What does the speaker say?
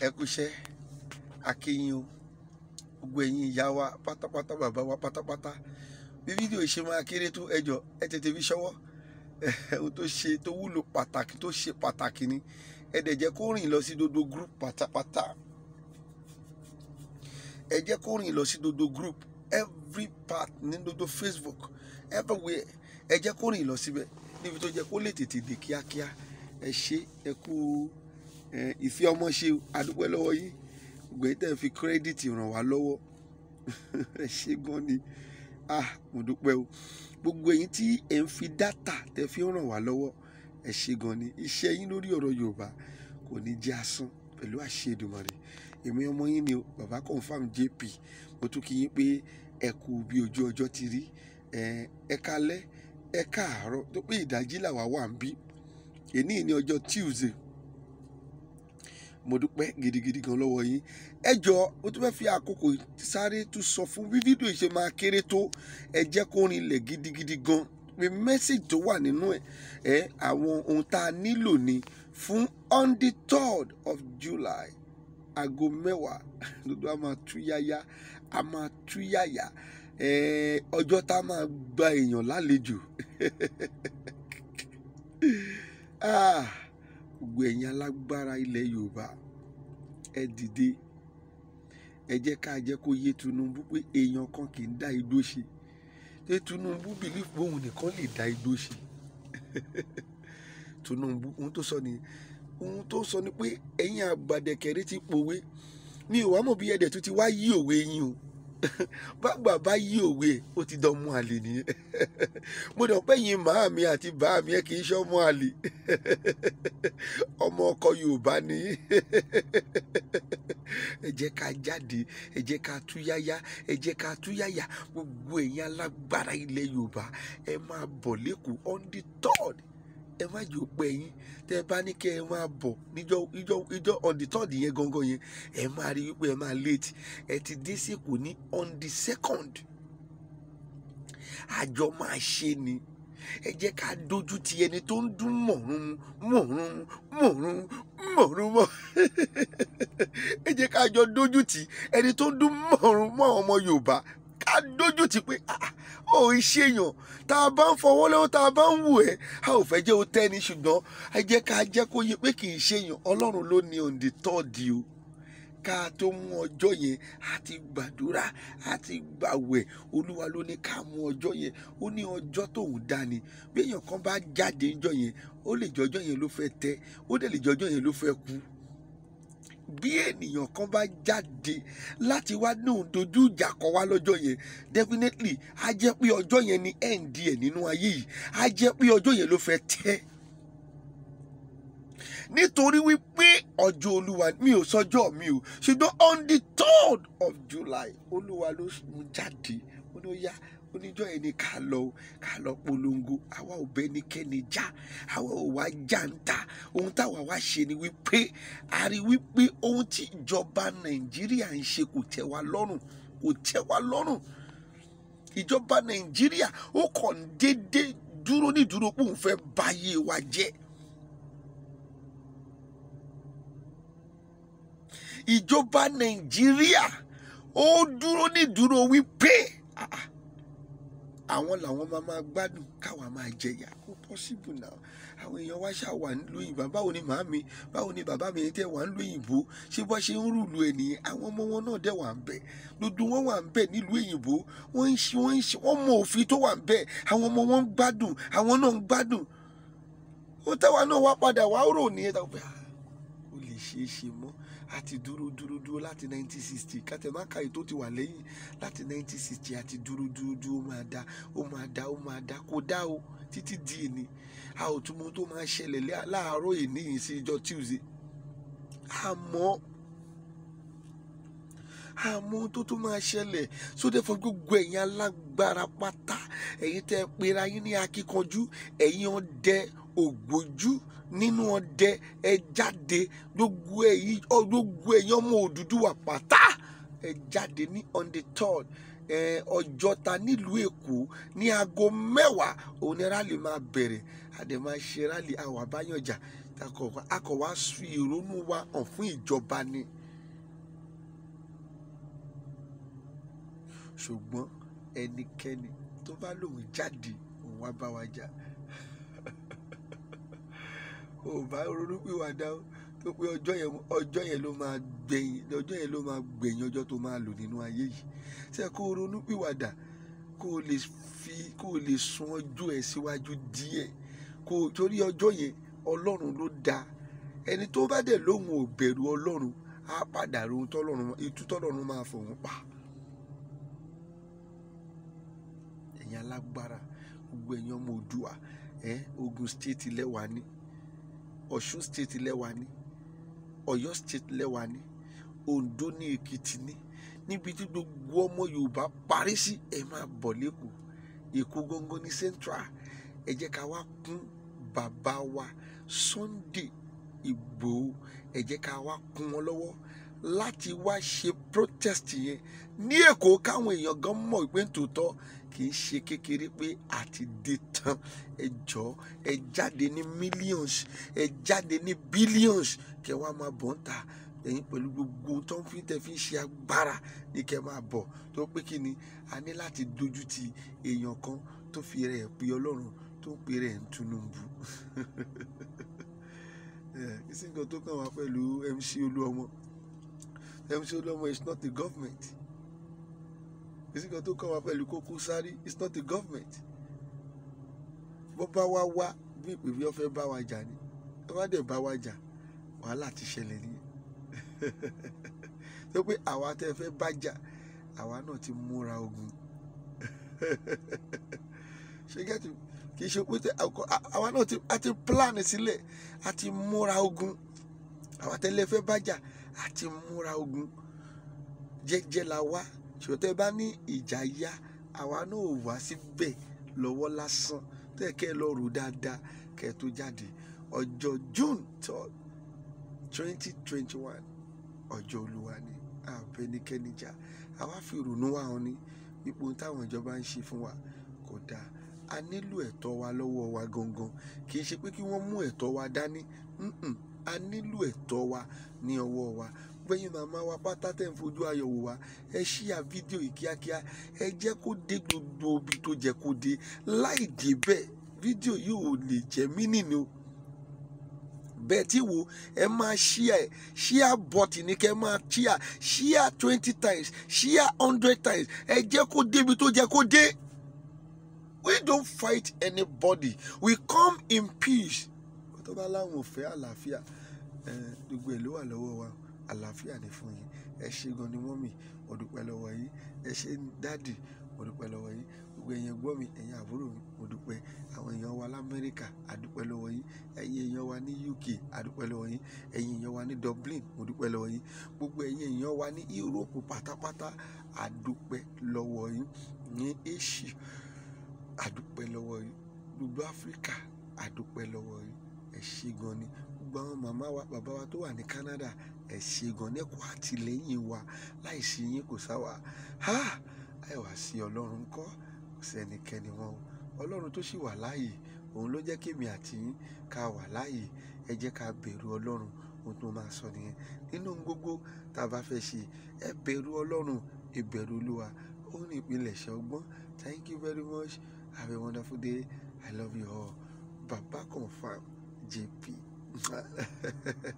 ekuse ah, akínyìn o gbogbo ẹ̀yin ìyá wa bàbá wa pátápátá bí fídíò ṣe máa kéré tó ẹjọ ẹ tètè fi ṣọwọ́ ohun tó ṣe tó wúlò pàtàkì tó ṣe ni ẹ dẹ̀ jẹ́ kó rìn dodo group pátápátá ẹ jẹ́ kó rìn dodo group every part ní dodo Facebook everywhere ẹ jẹ́ kó rìn lọ síbẹ̀ níbi tó jẹ́ kó lè tètè dé kíákíá ẹ ẹ ìfẹ́ ọmọ ṣe adúpẹ́ lọ́wọ́ yín gbẹ̀yìn tẹ̀ ń fi kírẹ́dìtì ràn wá lọ́wọ́ ṣé gan ni ah mo dúpẹ́ o gbogbo èyí tí ẹ̀ ń fi dátà tẹ̀ fi ràn wá lọ́wọ́ ẹ ṣé gan ni iṣẹ́ yín lórí ọ̀rọ̀ Yorùbá kò ní jẹ́ asán pẹ̀lú àṣẹ Èdùmàrè èmi ọmọ yín ni bàbá confam JP mo tún kí yín pé ẹ kú bí ojú ọjọ́ ti rí ẹ kálẹ́ ẹ káàárọ̀ tó pé ìdájí làwa wà ń bí èní ní ọjọ́ Tuesday mo dúpẹ́ gidigidi gan lọ́wọ́ yín ẹ jọ mo tún fẹ́ fi àkókò sáré tún sọ fún bí fídíò ṣe máa kéré tó ẹ jẹ́ kó rinlẹ̀ gidigidi gan pé mẹ́sàgì tó wà nínú ẹ̀ ẹ̀ àwọn ohun tá a nílò ni fún on the third of July aago mẹ́wàá dúdú a máa tú yáyá a máa tú yáyá ọjọ́ tá a máa gba èèyàn lálejò. ah gbogbo ẹ̀yin alágbára ilẹ̀ yorùbá ẹ dìde ẹ jẹ́ ká jẹ́ kó yé tinubu pé èèyàn kan kì í dá igbó ṣe pé tinubu bìlíf bóun nìkan lè dá igbó ṣe tinubu ohun tó sọ ni ohun tó sọ ni pé ẹ̀yin àgbàdẹ̀kẹ̀rẹ̀ ti pòwe mi ò mọ̀ bí ẹ̀dẹ̀ tó ti wá yí òwe yín o. bàgbà bá yí òwe ó ti dán mú àlè nìyẹn mo dàn pé yín màá mi àti bàá mi ẹ kì í ṣọmọ àlè ọmọ ọkọ Yorùbá ni ẹ jẹ́ ká jáde ẹ jẹ́ ká ẹ ká gbogbo alágbára ilẹ̀ Yorùbá ẹ máa on ẹ má jò pẹ́ yín tẹ́ ẹ bá ní kẹ́ ẹ máa bọ̀ níjọ́ níjọ́ níjọ́ on the third yẹn gangan yẹn ẹ máa rí wípé ẹ máa late ẹ ti dé sí ní on the second àjọ máa ṣe ni ẹ jẹ́ ká dojú ti ẹni tó ń dún mọ̀rún mọ̀rún mọ̀rún mọ̀rún mọ̀ ẹ jẹ́ ká jọ dojú ti ẹni tó ń dún mọ̀rún mọ̀ ọmọ Yorùbá á dójú ti pé ah, ah, ó ń ṣèyàn tá a bá ń fọwọ́ lọ́wọ́ tá a bá ń wù ẹ́ a ò fẹ́ jẹ́ o tẹ́ni ṣùgbọ́n ẹ jẹ́ ká jẹ́ kó yẹ pé kì í ṣèyàn ọlọ́run ló ní òǹdè tọ́ọ̀dì o ká tó mú ọjọ́ yẹn a ti gbàdúrà a ti gbàwẹ̀ olúwa ló ní ká mú ọjọ́ yẹn ó ní ọjọ́ tóun dání bí èèyàn kan bá jáde ńjọ́ yẹn ó lè jọjọ́ yẹn ló fẹ́ tẹ́ ó dẹ̀ lè jọjọ́ yẹn ló fẹ́ kú bí ènìyàn kan bá jáde láti wá náà dojú ìjà kọ wá lọ́jọ́ yẹn definitely á jẹ́ pé ọjọ́ yẹn ni end ẹ̀ nínú ayé yìí á jẹ́ pé ọjọ́ yẹn ló fẹ́ tẹ́ nítorí wípé ọjọ́ olúwa mi ò sọjọ́ mi ò ṣùgbọ́n on the third of July olúwa ló mú jáde ó ní ó yá ó níjọ́ yẹn ni ká lọ ká lọ polongo àwa ò bẹ ẹnikẹ́ni já àwa ò wá já ń ta ohun táwa wá ṣe ni wípé a rí wípé ohun tí ìjọba nàìjíríà ń ṣe kò tẹ́ wa lọ́rùn kò tẹ́ wa lọ́rùn ìjọba nàìjíríà ó kàn déédé dúró nídúró pé òun fẹ́ báyé wa jẹ́. ìjọba nàìjíríà ó dúró nídúró wípé. Ah, àwọn làwọn máa máa gbádùn káwa máa jẹyà kó pọ́síbù náà àwọn èèyàn wá ṣáà wà nílùú ìbá báwo ni màámi báwo ni bàbá mi tẹ wà nílùú ìbò ṣé bá ṣe ń rùlù ẹ̀ nìyẹn àwọn ọmọ wọn náà dẹ̀ wà ń bẹ̀ gbogbo wọn wà ń bẹ̀ nílùú èyìnbó wọ́n ń ṣe wọ́n ń ṣe wọ́n mọ òfin tó wà ń bẹ̀ àwọn ọmọ wọn ń gbádùn àwọn náà ń gbádùn ó tẹ́wàá náà wá padà wá rò nìyẹn tàbí ah, ó lè ṣeé ṣe mọ́ a ti dúró dúró dúró láti 1960 kàtẹ́máka yìí tó ti wà lẹ́yìn láti 1960 a ti dúró dúró dúró ó máa dá ó máa dá ó máa dá kó dá o títí di èní a ò tún mọ tó máa ṣẹlẹ̀ láàárọ̀ èní yìí sí ìjọ Tuesday àmọ́ àmọ́ tó tó máa ṣẹlẹ̀ sóde fún gbogbo ẹ̀yin alágbára pátá ẹ̀yin tẹ́ pera yín ní akíkanjú ẹ̀yin ọdẹ ògbójú nínú ọdẹ ẹ jáde gbogbo ẹ̀yin gbogbo ẹ̀yin ọmọ Odùduwà pátá ẹ jáde ní on the third ọjọ́ta nílùú èkó ní aago mẹ́wàá òun ni rálì máa bẹ̀rẹ̀ àdèmá ṣe rálì àwọn àbáyànjà akọ̀wá fi ìrònú wa hàn fún ìjọba ni. ṣùgbọ́n ẹnikẹ́ni tó bá lòun jáde òun wá bá wa jà ò bá ronúpìwàdà tó pé ọjọ́ yẹn ọjọ́ yẹn ló máa gbẹ̀yìn ọjọ́ yẹn ló máa gbẹ̀yìn ọjọ́ tó máa lò nínú ayé yìí ṣe kó ronúpìwàdà kó o lè fi kó o lè sún ọjọ́ ẹ̀ síwájú díẹ̀ kó o torí ọjọ́ yẹn ọlọ́run ló dá ẹni tó bá dẹ̀ lóhùn ò bẹ̀rù ọlọ́run á padà rohun tọ́lọ́run itú tọ́lọ́run máa fọ̀hún pa ẹ̀yin alágbára gbogbo ẹ̀yin ọmọ Oòduà Ogun State lẹ́wàá ni ọ̀ṣun state lẹ́wà ni ọ̀yọ́ state lẹ́wà ni ondo ní èkìtì ni níbi tí gbogbo ọmọ yorùbá parí sí ẹ máa bọ̀ lẹ́kọ̀ọ́ èkó gangan ní central ẹ jẹ́ ká wá kún bàbá wa sunday ìgbòho ẹ jẹ́ ká wá kún wọn lọ́wọ́ láti wá ṣe protest yẹn ní èkó káwọn èèyàn gan mọ̀ pé tòótọ́ kì í ṣe kékeré pé àti dé tán ẹ jọ ẹ jáde ní millions ẹ jáde ní billions kẹ wá máa bọ̀ ń ta ẹ̀yin pẹ̀lú gbogbo tó ń fi tẹ̀ fi ṣe agbára ní kẹ máa bọ̀ tó pé kí ni a ní láti dojú ti èèyàn kan tó fi rẹ̀ pé ọlọ́run tó ń pè rẹ̀ ń Tinubu ìsìnkàn tó kàn wá pẹ̀lú MC Olúọmọ. MC Oluomo it's not the government èsì kan tó kàn wá pẹ̀lú kókó sáré It's not the government bó bá wá wá bí ìpèbí ọ̀fẹ́ bá wa jà ni tó bá dẹ̀ bá wa jà wàhálà ti ṣẹlẹ̀ nìyẹn tó pé àwa tẹ́ fẹ́ bá jà àwa náà ti múra ogun ṣe gẹ́tù kì í ṣe pé àwa náà a ti plan sílẹ̀ a ti múra ogun àwa tẹ́lẹ̀ fẹ́ bá jà àti múra ogun jẹ́jẹ́ la wá ṣòtẹ́ bá ní ìjà yá àwa náà ò wá síbẹ̀ lọ́wọ́ lásán tẹ́ kẹ́ lọ rò dáadáa kẹ́ tó jáde ọjọ́ June third twenty twenty one ọjọ́ olúwa ni àbẹ níkẹ́ni jà àwa fi ìrònú wa hàn ní ipò táwọn ìjọba ń ṣe fún wa kò dáa a nílò ẹ̀tọ́ wa lọ́wọ́ wa gangan kì í ṣe pé kí wọ́n mú ẹ̀tọ́ wa dání mm-mm a nílò ẹ̀tọ́ wa ní ọwọ́ wa gbẹ̀yìn màmá wa pátá tẹ̀ ń fojú ayọ̀ wò wá ẹ ṣíà fídíò yìí kíákíá ẹ jẹ́ kó dé gbogbo ibi tó jẹ́ kó dé láì dé bẹ́ẹ̀ fídíò yìí ò lè jẹ́ mí o bẹ́ẹ̀ tí wo ẹ máa ṣíà ẹ ṣíà bọ́tì ní kẹ́ máa ṣíà ṣíà twenty times ṣíà hundred times ẹ jẹ́ kó débi tó jẹ́ kó dé. We don't fight anybody. We come in peace tó bá láwọn ò fẹ́ àlàáfíà gbogbo ẹ̀ ló wà lọ́wọ́ wa àlàáfíà ni fún yín ẹ ṣé gan ni mọ́mì mo dúpẹ́ lọ́wọ́ yín ẹ ṣé dáàdì mo dúpẹ́ lọ́wọ́ yín gbogbo èèyàn gbọ́ mi ẹ̀yin àbúrò mi mo àwọn èèyàn wa lamẹ́ríkà a lọ́wọ́ yín ẹ̀yin èèyàn wa ní UK a dúpẹ́ lọ́wọ́ yín ẹ̀yin èèyàn wa ní Dublin mo dúpẹ́ lọ́wọ́ yín gbogbo ẹ̀yin èèyàn wa ní Europe pátápátá a dúpẹ́ lọ́wọ́ yín ní Asia a dúpẹ́ lọ́wọ́ yín gbogbo Africa a lọ́wọ́ yín ẹ ṣé gan ni gbogbo àwọn màmá wa bàbá wa tó wà ní Canada ẹ ṣé gan ní ẹ̀kọ́ àtìlẹ́yìn wa láìsí yín kò sáwà ha ẹ sí Ọlọ́run kọ́ kò wọn o Ọlọ́run tó sì wà láàyè òun ló jẹ́ kémi àti yín ká wà láàyè ẹ jẹ́ ká bẹ̀rù Ọlọ́run ohun tó máa sọ nìyẹn nínú gbogbo tá a bá fẹ́ ṣe ẹ bẹ̀rù Ọlọ́run ìbẹ̀rù Olúwa ó ní ìpilẹ̀ṣẹ̀ ọgbọ́n thank you very much have a wonderful day i love you all baba confam. JP.